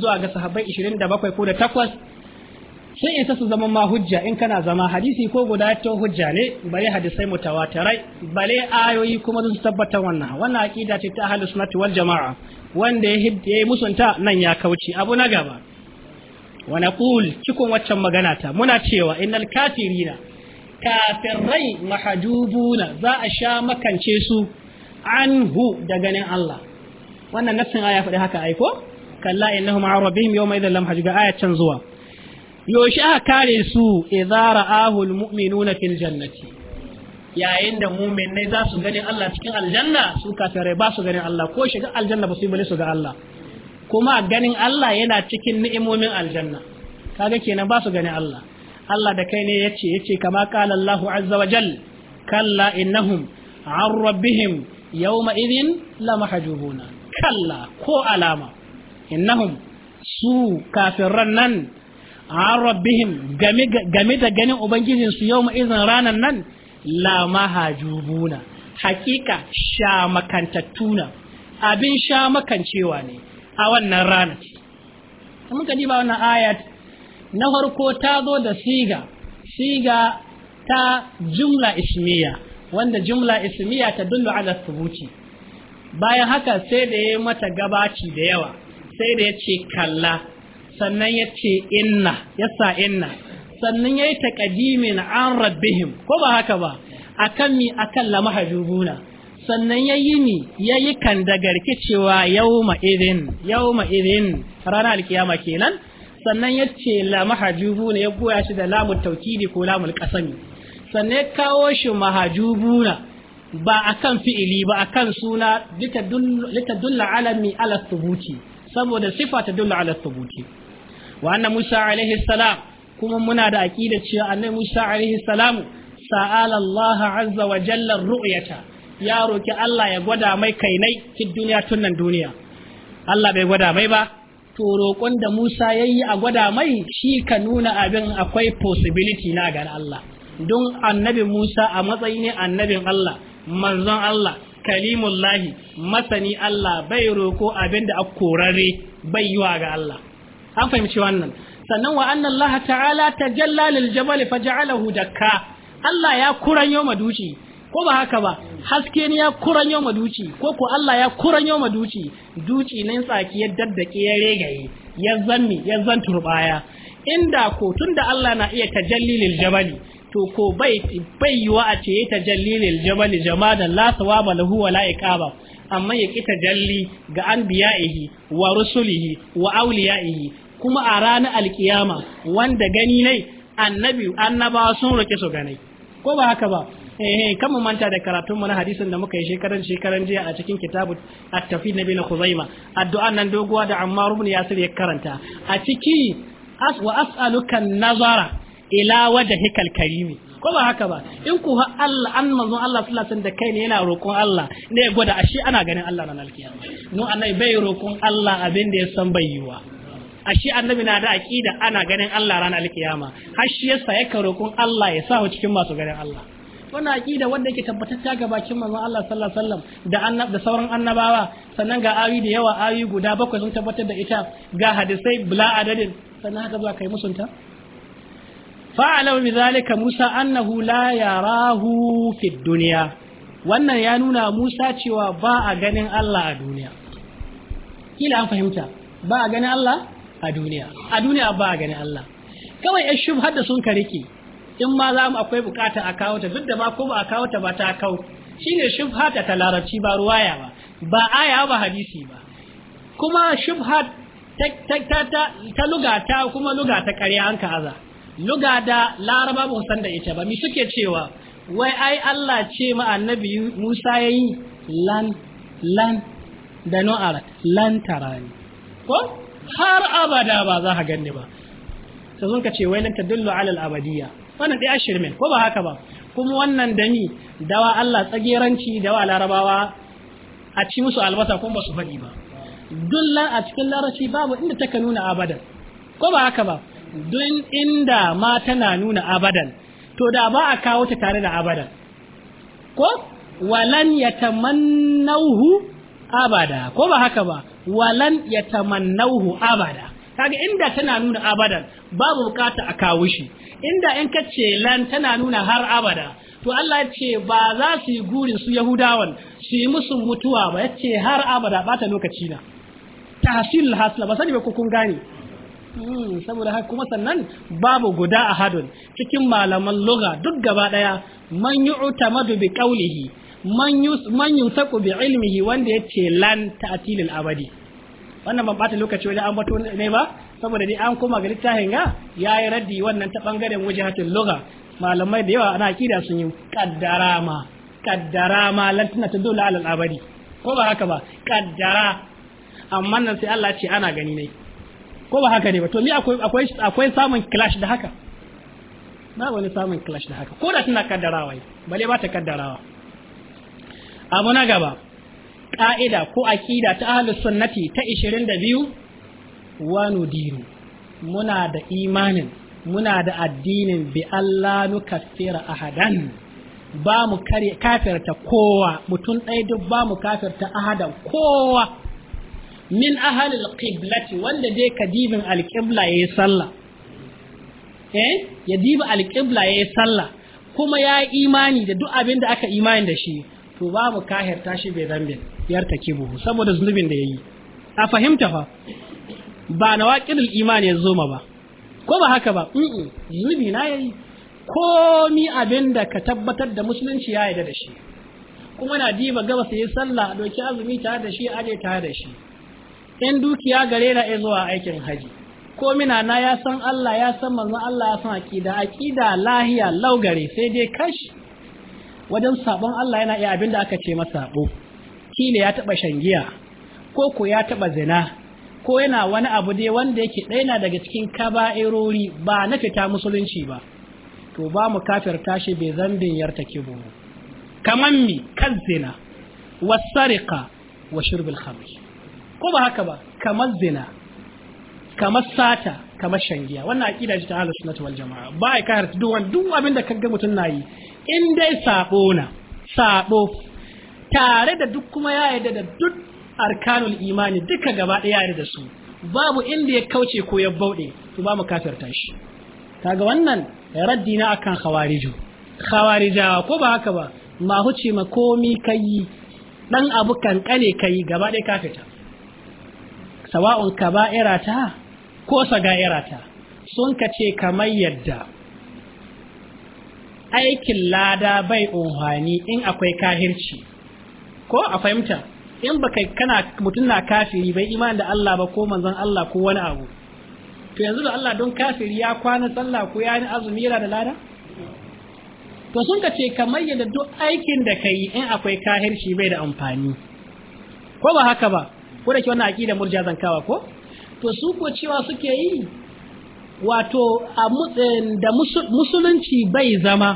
zuwa ga sahabbai ishirin da bakwai ko da takwas sun isa su zama ma hujja in kana zama hadisi ko guda ta hujja ne bale hadisai mutawatirai bale ayoyi kuma sun tabbatar wannan wannan aqida ce ta ahlus sunnati wal jamaa wanda ya hidde musunta nan ya kauce abu na gaba wa naqul cikon waccan magana ta muna cewa innal kafirina kafirai mahajubuna za a sha makance su anhu da ganin Allah wannan nassin aya faɗi haka ai ko kalla innahum arabihim yawma idan lam hajga aya can zuwa yaushe aka kare su idza ra'ahu almu'minuna fil jannati yayin da mu'minai za su gani Allah cikin aljanna su kafirai ba su ganin Allah ko shiga aljanna ba su bane su ga Allah kuma ganin Allah yana cikin ni'imomin aljanna kaga kenan ba su ganin Allah Allah da kai ne yace yace kama qala Allah azza wa jal kalla innahum an rabbihim yawma idhin la mahjubuna kalla ko alama innahum su kafirran nan an rabbihim game da ganin ubangijinsu yau izin ranan nan la mahajubuna hakika sha makantattuna abin sha makancewa ne a wannan ranar muka diba wannan ayat na farko ta zo da siga siga ta jumla ismiya wanda jumla ismiya ta dullu ala thubuti bayan haka sai da ya mata gabaci da yawa sai da ya ce kalla sannan ya ce inna ya sa inna sannan ya yi taƙadimin an rabbihim ko ba haka ba akan mi a akan lamahajubuna sannan ya yi ni ya yi kan da cewa yau ma'irin yau ma'irin ranar alkiyama kenan sannan ya ce lamahajubuna ya goya shi da lamun taukidi ko lamun kasami sannan ya kawo shi mahajubuna ba a akan fi'ili ba a kan suna Lita Dulla alami ala tubuti saboda sifa ta dulla ala tubuti wa annan Musa alaihi salam kuma muna da da cewa annan Musa alaihi salam sa'ala Allah azza wa jalla ru'yata ya roƙi Allah ya gwada mai kainai cikin duniya tun nan duniya Allah bai gwada mai ba to roƙon da Musa ya yi a gwada mai shi ka nuna abin akwai possibility na ga Allah don annabi Musa a matsayi ne annabin Allah manzon Allah kalimullahi masani Allah bai roko abinda a korare bai yiwa ga Allah an fahimci wannan sannan wa annan Allah ta'ala tajalla lil jabal ja'alahu dakka Allah ya kuranyo maduci ko ba haka ba haske ne ya kuranyo maduci ko ko Allah ya kuranyo maduci duci nan tsaki ya daddake ya regaye ya zanni ya zan turbaya inda ko tunda Allah na iya tajalli lil to ko bai bai yiwa a ce ta jallilil jamal jamadan la sawaba lahu wala iqaba amma ya kita jalli ga anbiya'ihi wa rusulihi wa awliya'ihi kuma a ranar alkiyama wanda gani ne annabi annabawa sun roke su ganai ko ba haka ba eh kan mu manta da karatun mu na hadisin da muka yi shekaran shekaran jiya a cikin kitabu at-tafid nabi na khuzaima addu'an nan doguwa da ammar ibn yasir ya karanta a ciki as wa as'aluka nazara ila wajhi hikal karimi ko ba haka ba in ku Allah an manzon Allah sallallahu alaihi da kai ne yana roƙon Allah ne ya gwada ashe ana ganin Allah nan alkiyama no annabi bai roƙon Allah abin da ya san bai yiwa ashe annabi na da aqida ana ganin Allah rana alkiyama har shi yasa yake roƙon Allah ya sa cikin masu ganin Allah wannan aqida wanda yake tabbatacciya ga bakin manzon Allah sallallahu alaihi wasallam da annab da sauran annabawa sannan ga ayi da yawa ayi guda bakwai sun tabbatar da ita ga hadisai bila adadin sannan haka zuwa kai musunta fa'alau bi zalika Musa annahu la yarahu fi wannan ya nuna Musa cewa ba a ganin Allah a duniya kila an fahimta ba a ganin Allah a duniya a duniya ba a ganin Allah kawai ya shubhar da sun karike in ma za mu akwai bukata a kawo ta duk da ba ko ba a kawo ta ba Shi ne shine shubha ta larabci ba ruwaya ba ba aya ba hadisi ba kuma shubha ta ta lugata kuma lugata ƙarya an ka aza luga da laraba ba san da ita ba mi suke cewa wai ai Allah ce ma annabi Musa yayi lan lan da no'ara lan tarani ko har abada ba za ka ganni ba sai sun ka ce wai lan tadullu ala al-abadiyya wannan dai ashirmin ko ba haka ba kuma wannan da ni dawa Allah tsageranci dawa larabawa a ci musu albasa kuma ba su faɗi ba dullan a cikin larashi babu inda ka nuna abadan ko ba haka ba duk inda ma tana nuna abadan to da ba a kawo ta tare da abadan ko walan yatamannauhu abada ko ba haka ba walan yatamannauhu abada kaga inda tana nuna abadan babu bukata a kawo shi inda in kace lan tana nuna har abada to Allah ya ce ba za su yi gurin su Yahudawan su yi musu mutuwa ba ya ce har abada ba ta lokaci na tahsil hasla ba sani ba ko kun gane Hmm, saboda haka kuma sannan babu guda a hadun cikin malaman lugha duk gaba daya man yu'tamadu bi kaulihi man yi bi ilmihi wanda ya ce lan ta'til abadi wannan ban bata lokaci wajen an bato ne ba saboda dai an koma ga littafin ga yi raddi wannan ta bangaren wajahatul lugha malamai da yawa ana kira sun yi kaddara ma kaddara ma lan ta dole alal abadi ko ba haka ba kaddara amma nan sai Allah ce ana gani ne ko ba haka ne ba to ni akwai akwai akwai samun clash da haka ba wani samun clash da haka ko da tana kaddarawa bale ba ta kaddarawa abu na gaba ƙa'ida ko aƙida ta ahlus sunnati ta 22 wa nudiru muna da imanin muna da addinin bi Allah nukaffira ahadan ba mu kafirta kowa mutum ɗaya duk ba mu kafirta ahadan kowa min ahalil qiblati wanda dai kadibin alqibla yayi sallah eh ya diba alqibla yayi sallah kuma ya imani da duk abin da aka imani da shi to babu kahir tashi bai yar take buhu saboda zunubin da yayi a fahimta fa ba na waƙidul imani ya zoma ba ko ba haka ba zunubi na yayi komi abin da ka tabbatar da musulunci ya yarda da shi kuma na diba gaba sai sallah doki azumi tare da shi aje ta da shi in dukiya gare na zuwa aikin haji ko mina na ya san Allah ya san manzon Allah ya san aƙida. Aƙida lahiya laugare sai dai kash wajen sabon Allah yana iya abinda aka ce masa sabo Kile ya taɓa shangiya ko ko ya taɓa zina ko yana wani abu dai wanda yake ɗaina daga cikin kaba'irori ba na fita musulunci ba to ba mu kafir tashi bai zambin yarta kibo kaman mi wasarika wa shurbil khamr ko ba haka ba kamar zina kamar sata kamar shangiya wannan aqida ce ta ahlus suna wal jamaa ba ai kahar duk wani duk abin da mutum na yi. in dai sabo na sabo tare da duk kuma ya yarda da duk arkanul imani duka gaba daya yarda da su babu inda ya kauce ko ya bauɗe to ba mu kafirta shi kaga wannan raddi na akan khawariju khawarijawa ko ba haka ba ma huce ma komi kai dan abu kankane kai gaba ɗaya kafirta sawa'un ba ta ko saga'ira ta sun ka ce kamar yadda aikin lada bai unhwani in akwai kahirci ko a fahimta in ba kai kana mutum na kafiri bai iman da Allah ba ko manzon Allah ko wani abu to yanzu da Allah don kafiri ya kwana sallah ko ya ni azumi yana da lada to sun ka ce kamar yadda duk aikin da kai in akwai kahirci bai da amfani ko ba haka ba ko da ke wannan aƙida murja zankawa ko to su ko cewa suke yi wato a eh, da musulunci bai zama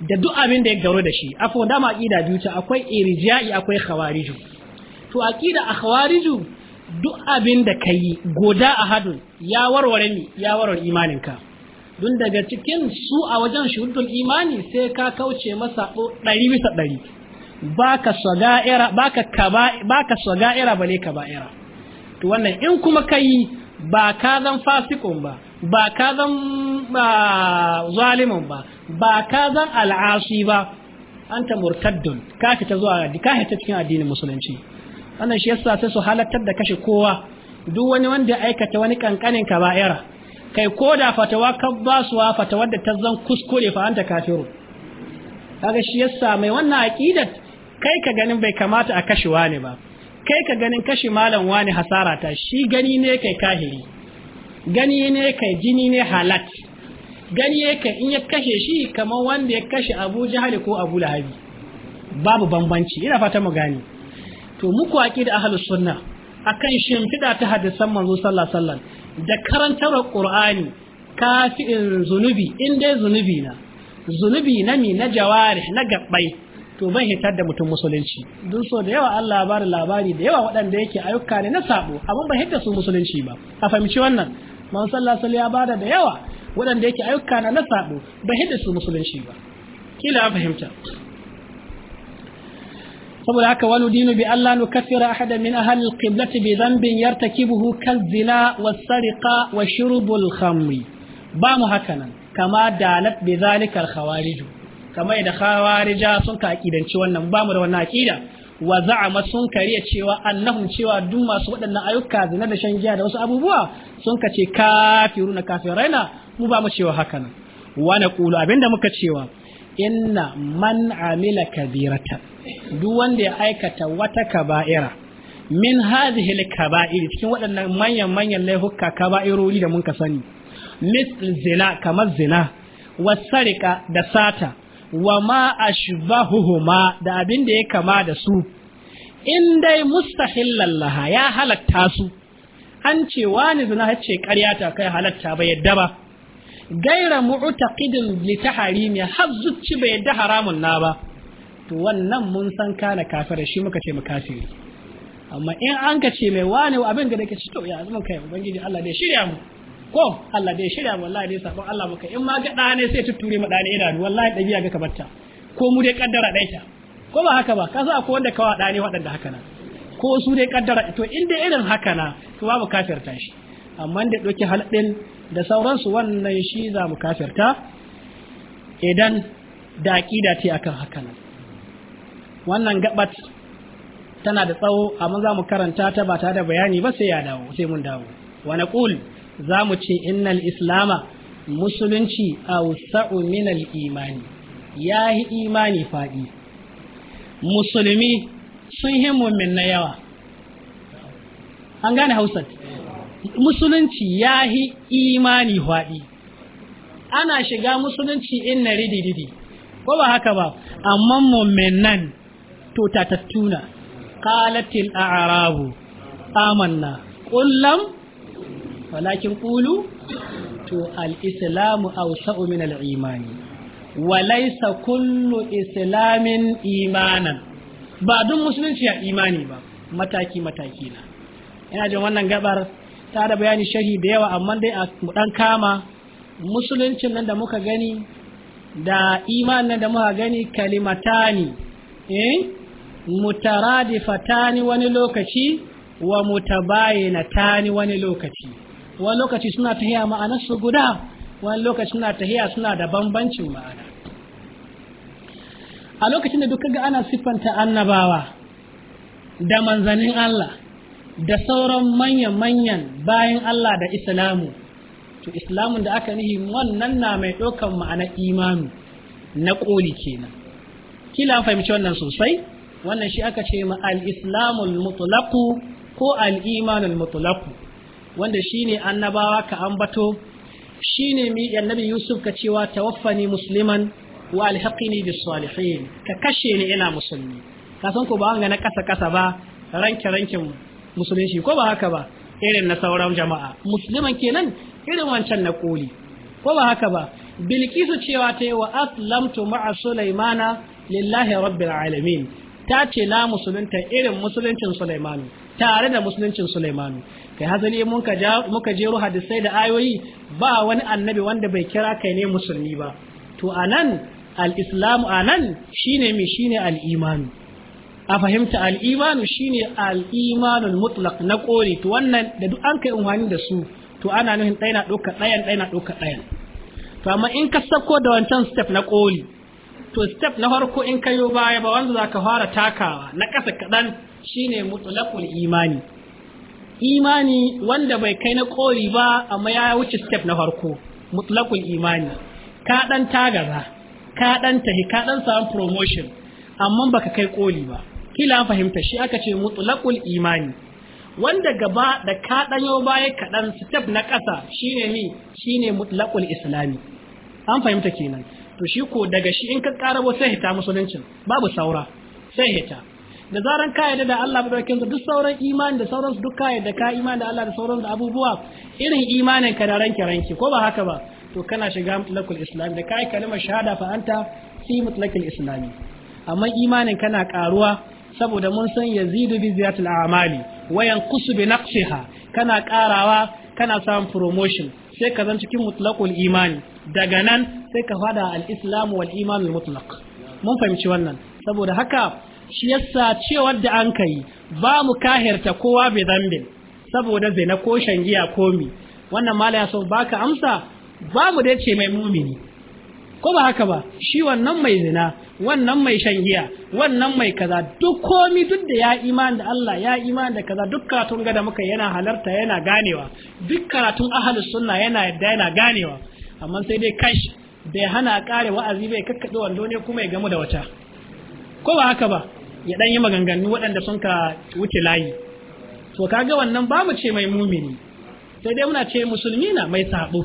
da duk abin da ya garo da shi afo dama aƙida biyu ta akwai irijiya'i akwai khawariju to aƙida a khawariju duk abin da yi goda a hadu ya warware ni ya warware imaninka don daga cikin su a wajen shurutul imani sai ka kauce masa ɗari bisa ɗari baka saga'ira baka kaba baka saga'ira bale kaba'ira to wannan in kuma kai ba ka zan fasikun ba ba ka zan zalimin ba ba ka zan al'asi ba anta murtaddun ka ta zuwa ka ta cikin addinin musulunci wannan shi yasa sai su halattar da kashe kowa duk wani wanda aikata wani kankanin kaba'ira kai ko da fatawa ka wa fatawar da ta zan kuskure fa anta kafiru kaga shi yasa mai wannan aqidat kai ka ganin bai kamata a kashe wani ba kai ka ganin kashe malam wani hasara ta shi gani ne kai kahiri gani ne kai jini ne halat gani ne kai in ya kashe shi kamar wanda ya kashe abu jahali ko abu lahabi babu bambanci ina fata mu gane to muku aqida ahlus sunna akan shimfiɗa ta hadisan manzo sallallahu alaihi wasallam da qur'ani kafi'in zunubi in dai zunubi na zunubi na mi na jawarih na gabbai to ban hitar da mutum musulunci don so da yawa Allah bada labari da yawa waɗanda yake ayyuka ne na sabo abin ba hitar su musulunci ba a fahimci wannan man sallah ya bada da yawa waɗanda yake ayyuka na na sabo bai hitar su musulunci ba kila a fahimta saboda haka wani dinu bi Allah nu kafira ahada min ahli alqiblati bi dhanbin yartakibuhu kal zina was sariqa wa shurbul khamri ba mu nan kama dalat bi dhalika al khawarij kamar da khawarija sun ka aƙidanci wannan ba mu da wannan akida wa za'ama sun kariya cewa annahum cewa duk masu waɗannan ayyuka zina da shan giya da wasu abubuwa sun ka ce kafiruna kafiraina mu ba mu cewa haka nan wa naqulu abinda muka cewa inna man amila kabirata duk wanda ya aikata wata kaba'ira min hadhihi al-kaba'ir cikin waɗannan manyan manyan laifuka kaba'irori da mun ka sani misl zina kamar zina wasarika da sata wa ma ashbahuhuma da abin da ya kama da su in dai mustahillan laha ya halatta su an ce wani zina ce ƙarya ta kai halatta ba yadda ba gaira mu'taqidin li taharimi har bai da haramun na ba to wannan mun san kana kafara shi muka ce makafiri amma in an ka ce mai wani abin da nake ci to ya zama kai ubangiji Allah da shirya mu ko Allah dai shirya wallahi dai sabon Allah maka in ma ga ɗane sai tutture ma ɗane ina wallahi ɗabi'a ga batta ko mu dai kaddara ɗai ta ko ba haka ba ka sa ko wanda kawa ɗane waɗanda haka na ko su dai kaddara to in dai irin haka na to babu kafirta shi amma da ɗauki halaɗin da sauransu wannan shi za mu kafirta idan da aƙida ce akan haka nan wannan gabat tana da tsawo amma za mu karanta ta ba tare da bayani ba sai ya dawo sai mun dawo wa naqul za mu ce innal islama musulunci a wasa'u minal imani ya yi imani faɗi musulmi sun yi mummin na yawa an gane hausat musulunci ya yi imani faɗi ana shiga musulunci in na ridididi ko ba haka ba amma mummin nan to Ƙalatin a a'rabu amanna qul walakin Kulu, to Al'islamu islamu awsa'u min al-imani kullu islamin imanan ba duk musulunci a imani ba mataki mataki na ina jin wannan gabar ta da bayani shahi da yawa amma dai a ɗan kama musuluncin nan da muka gani da imanin nan da muka gani kalimatani eh mutaradifatani wani lokaci wa mutabayinatani wani lokaci wani lokaci suna tahiya ma'anarsu su guda wani lokaci suna tahiya suna da bambancin ma'ana a lokacin da duk ga ana siffanta annabawa da manzanin Allah da sauran manyan-manyan bayan Allah da islamu to islamun da aka nihi wannan na mai ɗaukan ma'ana imanu na koli kenan kila fahimci wannan sosai wannan shi aka ce ma al-islamul mutlaqu ko al-imanul mutlaqu wanda shine annabawa ka ambato shine mi annabi Yusuf ka cewa tawaffani musliman wa alhaqini bis salihin ka kashe ni ina musulmi ka san ko ba wanga na kasa kasa ba ranke ranken musulunci ko ba haka ba irin na sauran jama'a musliman kenan irin wancan na koli ko ba haka ba bilkisu cewa ta yi wa aslamtu ma'a sulaimana lillahi rabbil alamin ta ce na musulunta irin musuluncin sulaimanu tare da musuluncin Sulaimanu kai hasali muka ja muka jero hadisai da ayoyi ba wani annabi wanda bai kira kai ne musulmi ba to anan al-islamu anan shine mi shine al-imanu a fahimta al-imanu shine al-imanul na kore to wannan da duk an kai unhani da su to ana nuhin ɗaya na ɗauka ɗayan ɗaya na ɗauka ɗayan to amma in ka sako da wancan step na koli to step na farko in kayo baya ba wanda za ka fara takawa na ƙasa kaɗan shine mutlaqul imani imani wanda bai kai na koli ba amma ya wuce step na farko mutlaqul imani ka dan tagaza ka dan tahi ka dan samu promotion amma baka kai koli ba kila fahimta shi aka ce mutlaqul imani wanda gaba da ka baya kaɗan step na ƙasa shine ni shine mutlaqul islami an fahimta kenan to shi ko daga shi in ka ƙara sai hita musuluncin babu saura sai hita da zaran ka yarda da Allah madaukakin duk sauran imani da sauran su duk ka yarda ka imani da Allah da sauran da abubuwa irin imanin ka da ranke ranke ko ba haka ba to kana shiga mutlakul islam da kai kalmar shahada fa anta fi mutlakul islami amma imanin kana karuwa saboda mun san yazidu bi ziyatil a'mali wa yanqusu bi naqsiha kana karawa kana samun promotion sai ka zan cikin mutlaqul imani daga nan sai ka fada al-islam wal iman al mutlaq mun fahimci wannan saboda haka shi yasa cewar da an kai ba mu kahirta kowa bai zambin saboda zina ko shangiya komi wannan mala ya so baka amsa ba mu dai ce mai mumini ko ba haka ba shi wannan mai zina wannan mai shan giya. wannan mai kaza duk komi duk da ya iman da Allah ya iman da kaza duk karatun gada muka yana halarta yana ganewa duk karatun ahlus sunna yana yadda yana ganewa amma sai dai kash bai hana kare wa'azi bai kakkaɗe wando ne kuma ya gamu da wata ko ba haka ba ya dan yi maganganu waɗanda sun ka wuce layi to kaga wannan ba mu ce mai mumini sai dai muna ce musulmi na mai sabo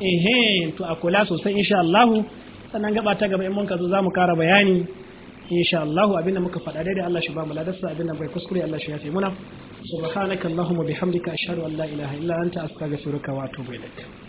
ehe to a kula sosai insha Allah sannan gaba ta gaba in mun ka zo zamu kara bayani insha Allah abinda muka faɗa da Allah shi ba mu ladarsa abinda bai kuskure Allah shi ya ce muna subhanakallahumma bihamdika ashhadu an la ilaha illa anta astaghfiruka wa atubu ilaik